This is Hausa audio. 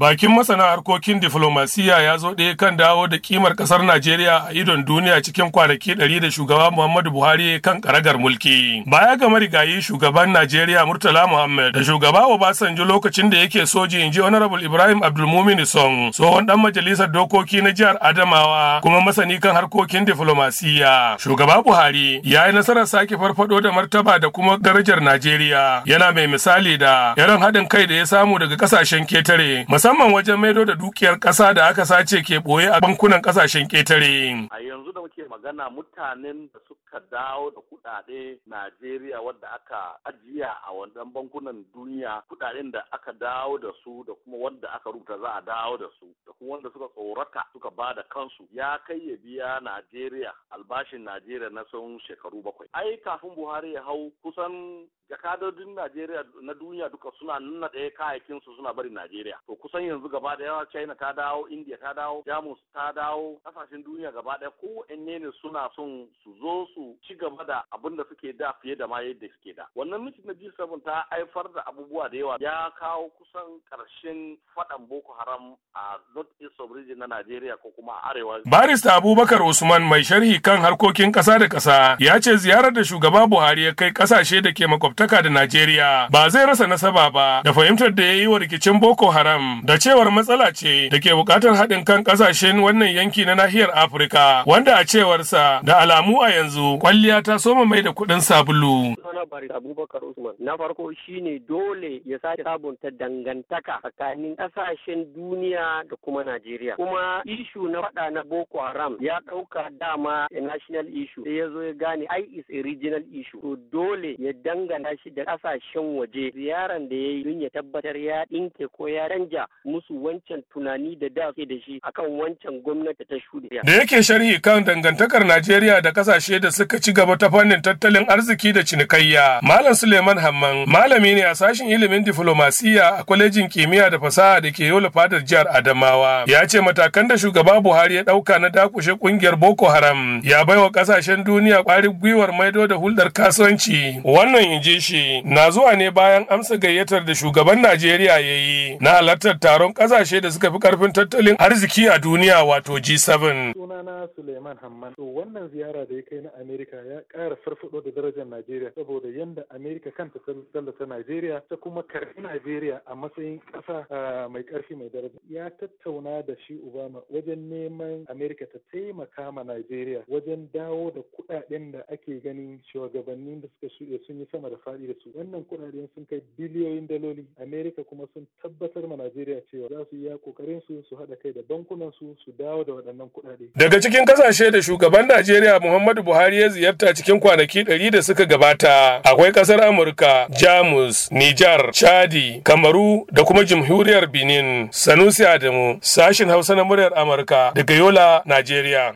Bakin masana harkokin diflomasiya ya zo ɗaya kan dawo da kimar ƙasar Najeriya a idon duniya cikin kwanaki ɗari da shugaba Muhammadu Buhari kan karagar mulki. Baya ga marigayi shugaban Najeriya Murtala Muhammad da shugaba Obasanjo lokacin da yake soji in ji Honorable Ibrahim Abdulmumin Song, tsohon ɗan majalisar dokoki na jihar Adamawa kuma masani kan harkokin diflomasiya. Shugaba Buhari ya yi nasarar sake farfado da martaba da kuma darajar Najeriya yana mai misali da irin haɗin kai da ya samu daga ƙasashen ketare. musamman wajen maido da dukiyar ƙasa da aka sace ke ɓoye a bankunan ƙasashen ketare A yanzu da muke magana mutanen da suka dawo da kuɗaɗe Najeriya wadda aka ajiya a wannan bankunan duniya kuɗaɗen da aka dawo da su da kuma wadda aka rubuta za a dawo da su. wanda suka tsorata suka ba da kansu ya kai ya biya Najeriya albashin Najeriya na tsawon shekaru bakwai. Ai kafin Buhari ya hau kusan jakadodin Najeriya na duniya duka suna nuna ɗaya kayakin su suna barin Najeriya. To kusan yanzu gaba da yawa China ta dawo, India ta dawo, Jamus ta dawo, kasashen duniya gaba ɗaya kowanne ne suna son su zo su ci gaba da abin da suke da fiye da ma yadda suke da. Wannan mitin na g ta haifar da abubuwa da yawa ya kawo kusan karshen faɗan Boko Haram a North na Najeriya ko kuma Arewa. Barista Abubakar Usman mai sharhi kan harkokin ƙasa da ƙasa ya ce ziyarar da shugaba Buhari ya kai ƙasashe da ke makwabtaka da Najeriya ba zai rasa nasaba ba da fahimtar da ya yi wa rikicin Boko Haram da cewar matsala ce da ke buƙatar haɗin kan ƙasashen wannan yanki na nahiyar Afirka wanda a cewarsa da alamu a yanzu kwalliya ta soma mai da kuɗin sabulu. labari Abubakar Usman. Na farko shine dole ya sake sabunta dangantaka tsakanin ƙasashen duniya da kuma Najeriya. Kuma ishu na faɗa na Boko Haram ya ɗauka dama a national issue sai ya zo ya gane ai is a regional issue. To dole ya danganta shi da ƙasashen waje ziyaran da ya yi don ya tabbatar ya ɗinke ko ya canja musu wancan tunani da da ke da shi akan wancan gwamnati ta shuɗe. Da yake sharhi kan dangantakar Najeriya da ƙasashe da suka ci gaba ta fannin tattalin arziki da cinikayya. tarayya. Malam Suleiman Hamman malami ne a sashen ilimin diflomasiya a kwalejin kimiyya da fasaha da ke yola fadar jihar Adamawa. Ya ce matakan da shugaba Buhari ya ɗauka na dakushe ƙungiyar Boko Haram ya baiwa ƙasashen duniya ƙwarin gwiwar maido da hulɗar kasuwanci. Wannan in ji shi na zuwa ne bayan amsa gayyatar da shugaban Najeriya ya yi na halartar taron ƙasashe da suka fi ƙarfin tattalin arziki a duniya wato G7. Sunana Suleiman Hamman. To wannan ziyara da ya kai na Amerika ya ƙara farfaɗo da darajar Najeriya saboda saboda yadda Amerika kanta ta tallata Najeriya ta kuma karbi Najeriya a matsayin ƙasa ah, mai ƙarfi mai daraja. Ya tattauna da shi Obama wajen neman Amerika ta taimaka ma Najeriya wajen dawo da kuɗaɗen da ake ganin shugabannin da suka shuɗe sun yi sama da faɗi da su. Wannan kuɗaɗen sun kai biliyoyin daloli. Amerika kuma sun tabbatar ma Najeriya cewa za su iya ƙoƙarin su su haɗa kai da bankunan su su dawo da waɗannan kuɗaɗe. Daga cikin ƙasashe da shugaban Najeriya Muhammadu Buhari ya ziyarta cikin kwanaki ɗari da suka gabata akwai ƙasar Amurka, Jamus, Nijar, Chadi, Kamaru da kuma Jamhuriyar Benin. Sanusi Adamu, sashin Hausa na muryar Amurka daga Yola, Najeriya.